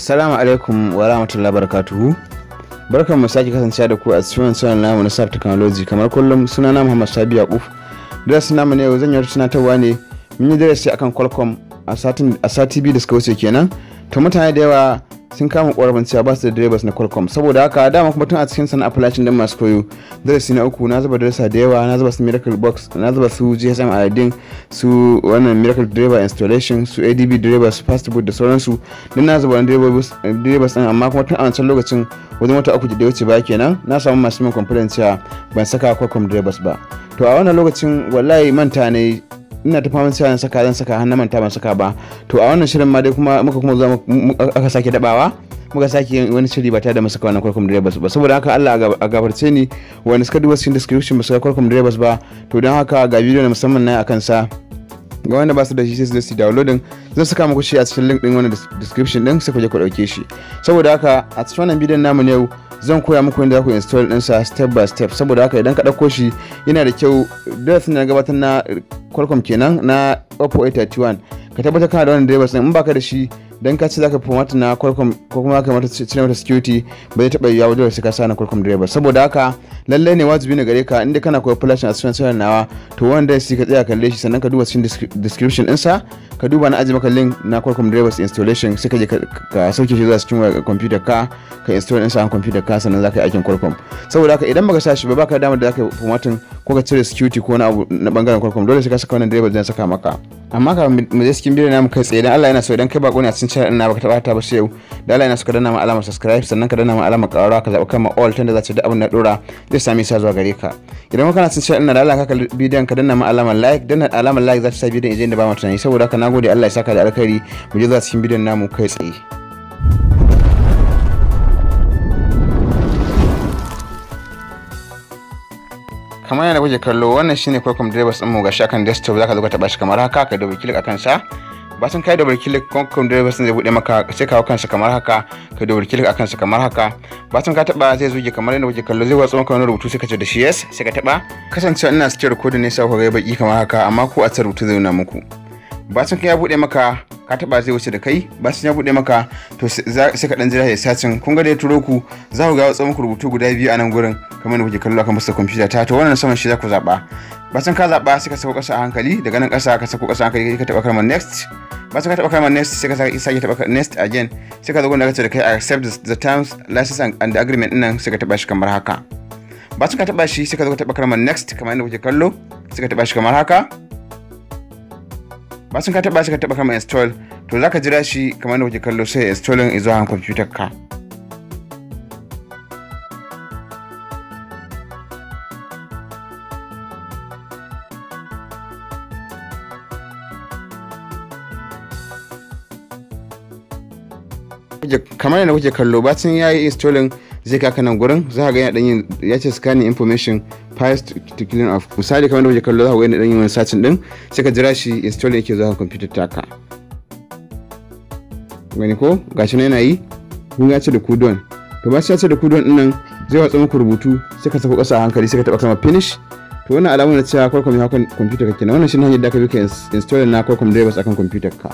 Assalamu alaikum wa rahmatullahi barakatuhu. Barkan mu sake kasancewa da ku a cikin sunan namu na Sabta Technology kamar kullum suna na Muhammad Sabi Yakuf. Darasin namu ne yau zan yi tunatarwa ne mun yi darasi akan Qualcomm a sati biyu da suka wuce kenan. To mutane da yawa sun kama korafin cewa ba su da direbas na qualcomm saboda haka dama kuma tun a cikin sana'a falashin don masu koyo darasi na uku na zuba darasa da yawa na zuba su miracle box na zuba su gsm aladdin su wannan miracle driver installation su adb drivers su fastboot da sauransu don na zuba direbas din amma kuma tun a wancan lokacin wajen wata uku da wuce ba kenan na samu masu min complain cewa ban saka qualcomm drivers ba to a wannan lokacin wallahi manta ne ina ta faman sai saka zan saka har na manta ban saka ba to a wannan shirin ma dai kuma muka kuma zo aka sake dabawa muka sake wani shiri ba ta da masaka wannan kwarkum drivers ba saboda haka Allah a gafarce ni wani suka duba cikin description masaka su kwarkum drivers ba to don haka ga bidiyo na musamman na akan sa ga wanda ba su da shi sai su je su downloading zan saka muku shi a cikin link din wannan description din sai ku je ku dauke shi saboda haka a cikin wannan bidiyon namu ne zan koya muku yadda za ku install ɗinsa step by step saboda haka idan ka ɗauko shi yana da kyau darasin na gabatar na Qualcomm kenan na Oppo 831 ka tabbatar kana da wani drivers in baka da shi don ka ce za ka fi mata na kwalkwam ko kuma za ka mata cire mata security ba zai taɓa yiwuwa dole sai ka sa na kwalkwam direba saboda haka lallai ne wajibi ne gare ka inda kana koyar flash a cikin sayar nawa to wanda sai ka tsaya kalle shi sannan ka duba cikin description ɗinsa ka duba na ajiye maka link na kwalkwam direba installation sai ka je ka sauke shi zuwa cikin computer ka ka install ɗinsa a computer ka sannan za ka yi aikin kwalkwam saboda haka idan baka sa shi ba baka da damar da za ka yi formatting ko ka cire security ko na abu na bangaren kwalkwam dole sai ka saka wannan direba zai saka maka. amma ka mu je cikin bidiyon namu kai tsaye dan Allah yana so idan kai bako ne a cikin channel na baka taba ta ba yau da Allah yana so ka danna mu alamar subscribe sannan ka danna mu alamar ƙararwa ka zaɓi kan ma all tunda za ta da abin da dora zai sami sa zuwa gare ka idan kana cikin channel na da Allah ka kalli bidiyon ka danna mu alamar like danna alamar like za ta sa bidiyon je da ba mu tunani saboda haka nagode Allah ya saka da alkhairi mu je zuwa cikin bidiyon namu kai tsaye kamar yadda kuke kallo wannan shine Qualcomm drivers din mu ga shakan desktop zaka zo ka taba shi kamar haka ka double click akan sa bacin kai double click kwakwam drivers din zai bude maka sai ka kansa kamar haka ka double click akan sa kamar haka bacin ka taba zai zuge kamar yadda kuke kallo zai watsa maka wani rubutu sai ka ce da shi yes sai ka taba kasance ina cikin recording ne sai ku ga baki kamar haka amma ku a rubutu zai nuna muku bacin kai ya bude maka ka taba zai wuce da kai ba sun ya bude maka to sai ka dan jira ya sacin kun ga da ya turo ku za ku ga wasu muku rubutu guda biyu a nan gurin kamar da kuke kallo akan masa kwamfuta ta to wannan saman shi za ku zaba sun ka zaba sai ka sako kasa a hankali daga nan kasa ka sako kasa a hankali ka taba kalmar next bayan ka taba kalmar next sai ka saka isa ya taba next again sai ka zo gurin da kace da kai accept the terms license and agreement din nan sai ka taba shi kamar haka bayan ka taba shi sai ka zo ka taba kalmar next kamar yadda kuke kallo sai ka taba shi kamar haka sun ka taba shi ka taba kama install to zaka jira shi kamar da kuke kallo sai installin izuwa kwamfutar ka kamar yadda kuke kallo bacin ya yi installing zai kaka nan gurin za ka ga yana yin ya ce scanning information files to clean off misali kamar yadda kuke kallo za ka ga yana yin wani satin din sai ka jira shi installing yake zuwa computer taka gani ko gashi nan yana yi kun ya ce da kudon to ba ya ce da kudon din nan zai watsa muku rubutu sai ka sako kasa a hankali sai ka taba sama finish to wannan alamun na cewa Qualcomm ya computer kake na wannan shi ne hanyar da ka bi ka installing na Qualcomm drivers akan computer ka